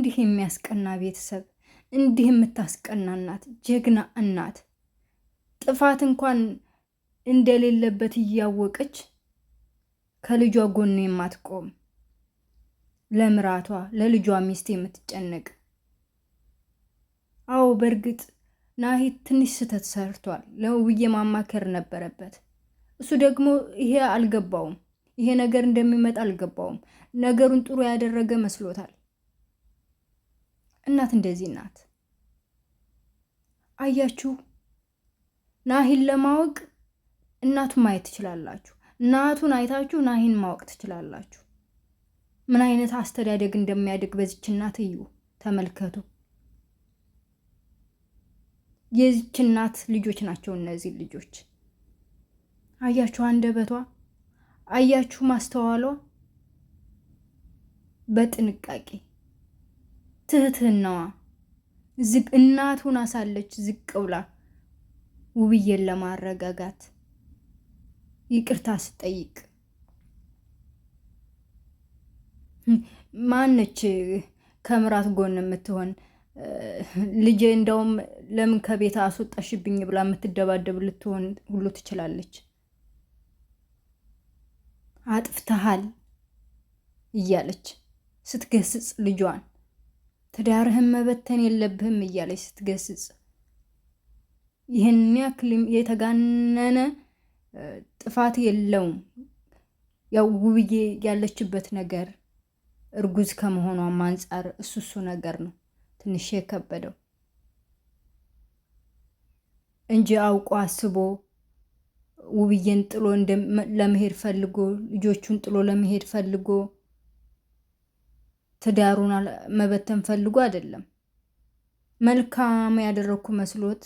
እንዲህ የሚያስቀና ቤተሰብ፣ እንዲህ የምታስቀና እናት፣ ጀግና እናት ጥፋት እንኳን እንደሌለበት እያወቀች ከልጇ ጎን የማትቆም ለምራቷ ለልጇ ሚስት የምትጨነቅ አዎ በእርግጥ ናሂት ትንሽ ስህተት ሰርቷል። ለውብዬ ማማከር ነበረበት። እሱ ደግሞ ይሄ አልገባውም፣ ይሄ ነገር እንደሚመጣ አልገባውም። ነገሩን ጥሩ ያደረገ መስሎታል። እናት እንደዚህ ናት። አያችሁ፣ ናሂን ለማወቅ እናቱን ማየት ትችላላችሁ። እናቱን አይታችሁ ናሂን ማወቅ ትችላላችሁ። ምን አይነት አስተዳደግ እንደሚያደግ በዚች እናት እዩ፣ ተመልከቱ። የዚች እናት ልጆች ናቸው እነዚህ ልጆች። አያችሁ አንደበቷ፣ አያችሁ ማስተዋሏ በጥንቃቄ ትህትህናዋ ዝቅ እናቱን አሳለች ዝቅ ብላ ውብዬን ለማረጋጋት ይቅርታ ስጠይቅ ማነች ከምራት ጎን የምትሆን ልጄ እንደውም ለምን ከቤት አስወጣሽብኝ ብላ የምትደባደብ ልትሆን ሁሉ ትችላለች። አጥፍተሃል እያለች ስትገስጽ ልጇን ትዳርህን መበተን የለብህም እያለች ስትገስጽ ይህን ያክል የተጋነነ ጥፋት የለውም። ያው ውብዬ ያለችበት ነገር እርጉዝ ከመሆኗም አንጻር እሱ እሱ ነገር ነው ትንሽ የከበደው እንጂ አውቆ አስቦ ውብዬን ጥሎ ለመሄድ ፈልጎ ልጆቹን ጥሎ ለመሄድ ፈልጎ ትዳሩን መበተን ፈልጎ አይደለም። መልካም ያደረግኩ መስሎት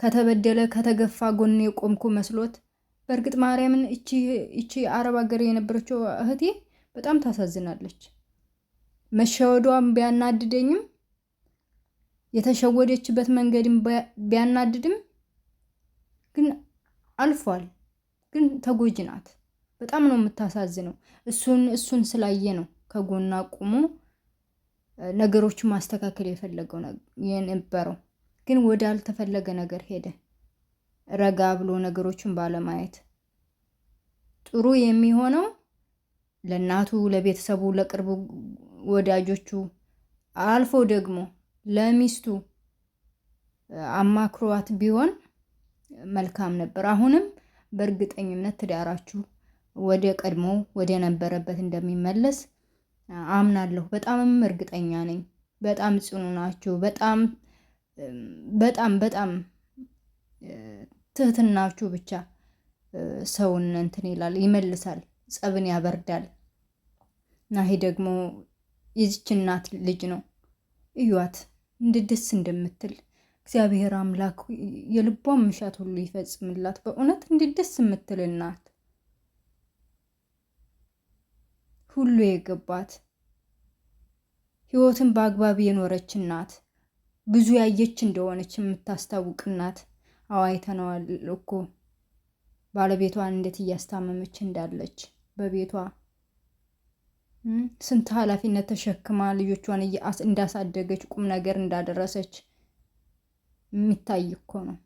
ከተበደለ ከተገፋ ጎን የቆምኩ መስሎት። በእርግጥ ማርያምን እቺ አረብ ሀገር የነበረችው እህቴ በጣም ታሳዝናለች። መሸወዷን ቢያናድደኝም የተሸወደችበት መንገድም ቢያናድድም ግን አልፏል። ግን ተጎጂ ናት። በጣም ነው የምታሳዝነው። እሱን እሱን ስላየ ነው ከጎኗ ቁሞ ነገሮችን ማስተካከል የፈለገው የነበረው ግን ወደ አልተፈለገ ነገር ሄደ። ረጋ ብሎ ነገሮችን ባለማየት ጥሩ የሚሆነው ለእናቱ፣ ለቤተሰቡ፣ ለቅርብ ወዳጆቹ አልፎ ደግሞ ለሚስቱ አማክሯት ቢሆን መልካም ነበር። አሁንም በእርግጠኝነት ትዳራችሁ ወደ ቀድሞ ወደ ነበረበት እንደሚመለስ አምናለሁ። በጣምም እርግጠኛ ነኝ። በጣም ጽኑ ናችሁ። በጣም በጣም በጣም ትህትናችሁ ብቻ ሰውን እንትን ይላል፣ ይመልሳል፣ ጸብን ያበርዳል። እና ይሄ ደግሞ የዚች እናት ልጅ ነው። እዩዋት እንድደስ ደስ እንደምትል እግዚአብሔር አምላክ የልቧን ምሻት ሁሉ ይፈጽምላት። በእውነት እንድደስ ደስ የምትል እናት ሁሉ የገባት ህይወትን በአግባብ የኖረች እናት ብዙ ያየች እንደሆነች የምታስታውቅ እናት። አዋይተነዋል እኮ ባለቤቷን እንዴት እያስታመመች እንዳለች በቤቷ ስንት ኃላፊነት ተሸክማ ልጆቿን እንዳሳደገች ቁም ነገር እንዳደረሰች የሚታይ እኮ ነው።